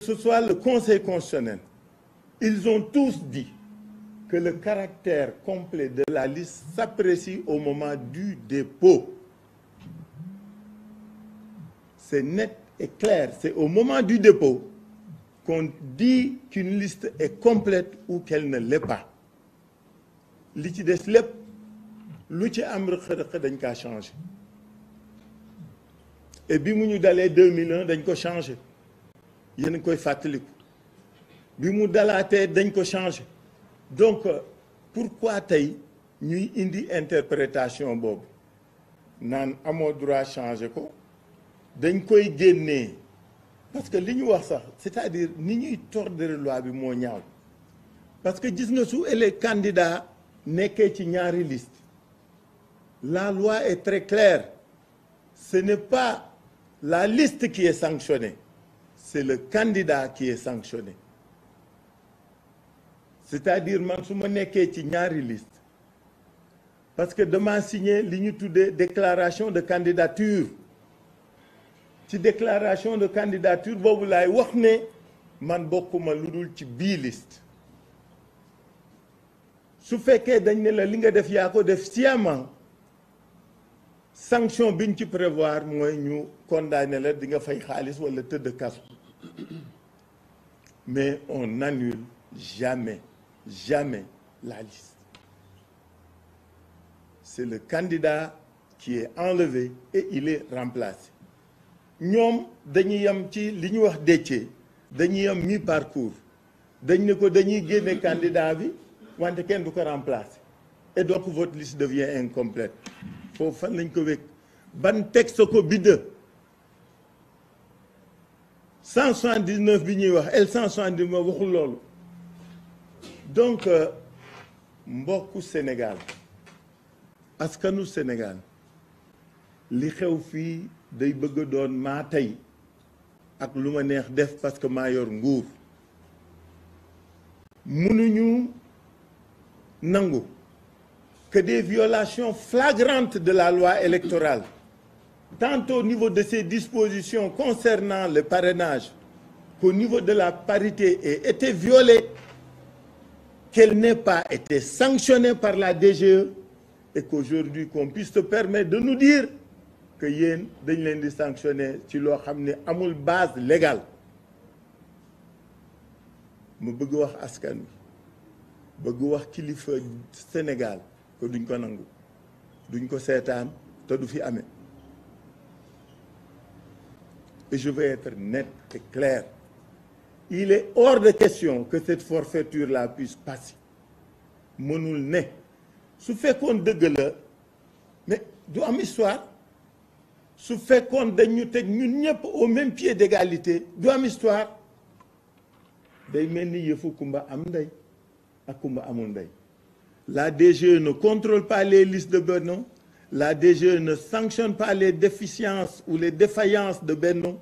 ce soit le Conseil constitutionnel, ils ont tous dit que le caractère complet de la liste s'apprécie au moment du dépôt. C'est net et clair, c'est au moment du dépôt qu'on dit qu'une liste est complète ou qu'elle ne l'est pas. li ci et nous nous ñu dalee 2001 nous avons changé Nous koy fàttaliku nous mu dañ ko changé donc euh, pourquoi avons-nous avons une interprétation Nous avons le droit changer. ko dañ koy génnee parce que nous avons ça, c'est-à-dire ni ñuy tordre loi bi parce que gis ans, les candidats candidat nekkee ci ñaari la loi est très claire ce n'est pas la liste qui est sanctionnée, c'est le candidat qui est sanctionné. C'est-à-dire, je pas suis pas ci liste parce que demain signé li une déclaration de candidature une déclaration de candidature vous vous wax ne man pas lu ci bi liste su fekkee dañ ne la li nga def de ko def sanction biñ ci prévoir nous ñu condamné la di nga fay xaliss wala de casse, mais on n'annule jamais jamais la liste c'est le candidat qui est enlevé et il est remplacé Nous, dañuy yam ci liñ wax déccee dañuy mi parcours dañ ne ko dañuy candidat bi wante ken du ko remplacer et donc votre liste devient incomplète Faut faire lañ ko wékk ban texte ko bide. 179 bi ñuy wax 179 waxul loolu donc euh, mbokku Sénégal Askanou Sénégal li xew fii day bëgg doon ak lu neex def parce que Mayor Ngour, nguur Nangou, que des violations flagrantes de la loi électorale, tant au niveau de ses dispositions concernant le parrainage qu'au niveau de la parité, aient été violées, qu'elle n'ait pas été sanctionnée par la DGE et qu'aujourd'hui qu'on puisse te permettre de nous dire que y a des di sanctionner ci loo à base légale askan Sénégal te duñ ko nangu duñ ko seetaan te du fi amé et je vais être net et clair il est hors de question que cette forfaiture là puisse passer Monoul ne su fekkoon dëgg la mais du am histoire su fekkoon dañu teg ñun ñëpp au même pied d'égalité du am histoire day melni ni kumba am ndey ak kumba amul ndey la DGE ne contrôle pas les listes de Benoît. La DGE ne sanctionne pas les déficiences ou les défaillances de Benoît.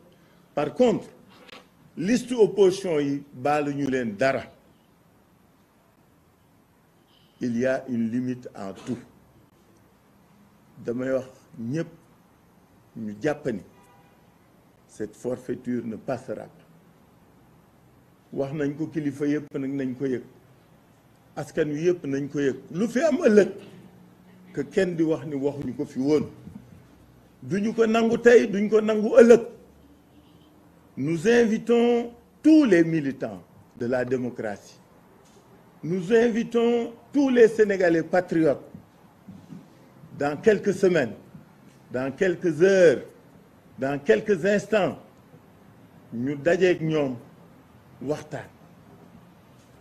Par contre, liste opposition Il y a une limite en tout. Demain, wax cette forfaiture ne passera pas que di wax ni ko nous invitons tous les militants de la démocratie nous invitons tous les Sénégalais patriotes dans quelques semaines dans quelques heures dans quelques instants nous dajeeg ñoom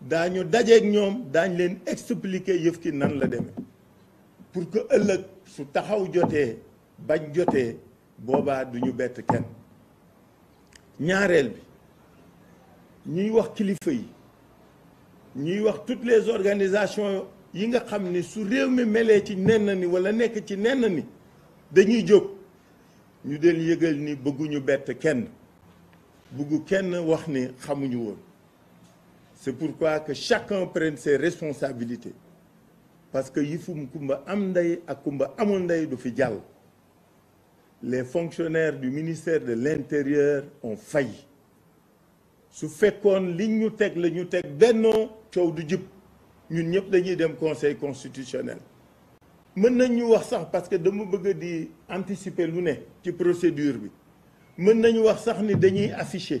daañu dajeeg ñoom daañ leen expliquer yëf ki nan la demee pour que ëllëg su taxaw jotee bañ jotee boobaa du ñu bett kenn ñaareel bi ñuy wax kilifa yi ñuy wax toutes les organisations yi nga xam ni su réew mi melee ci nenn ni wala nekk ci nenn ni dañuy jóg ñu del yëgal ni bëgguñu bett kenn bëggu kenn wax ni xamuñu woon C'est pourquoi que chacun prenne ses responsabilités. Parce que les fonctionnaires du ministère de l'Intérieur ont failli. su fekkoon li ñu teg la ñu teg bennoo du jub ñun conseil constitutionnel mën nañ ñu wax sax parce que mon bëgg di anticiper lu qui ci procédure bi mën nañu wax sax ni dañuy afficher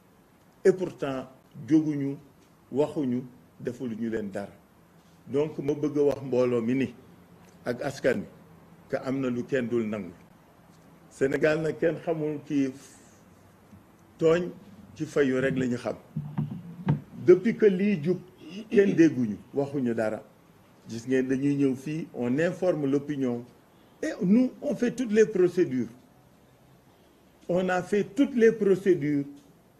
et pourtant jóguñu waxuñu deful ñu leen dara donc ma bëgg a wax mbooloo mi ni ak askan wi que am lu kenn dul nangu Sénégal nag kenn xamul ci tooñ ci fayu rek la ñu xam depuis que lii jub kenn dégguñu waxuñu dara gis ngeen dañuy ñëw fii on informe l'opinion et nous on fait toutes les procédures on a fait toutes les procédures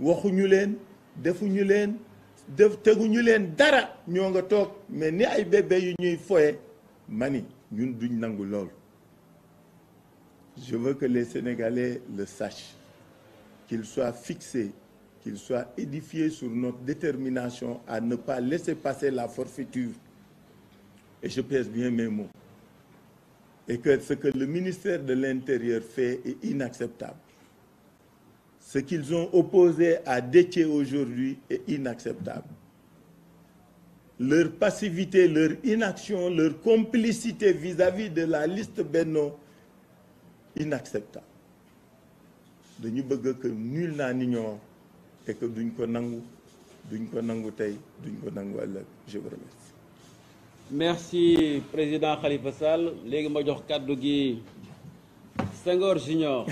je veux que les Sénégalais le sachent qu'il soit fixés qu'il soit édifié sur notre détermination à ne pas laisser passer la forfaiture et je pèse bien mes mots et que ce que le ministère de l'Intérieur fait est inacceptable ce qu'ils ont opposé à Détier aujourd'hui est inacceptable. Leur passivité, leur inaction, leur complicité vis-à-vis de la liste Benno, inacceptable. De nous que nul n'en ignore et que nous ne je vous remercie. merci président Khalifa Sall léegi ma jox Senghor Junior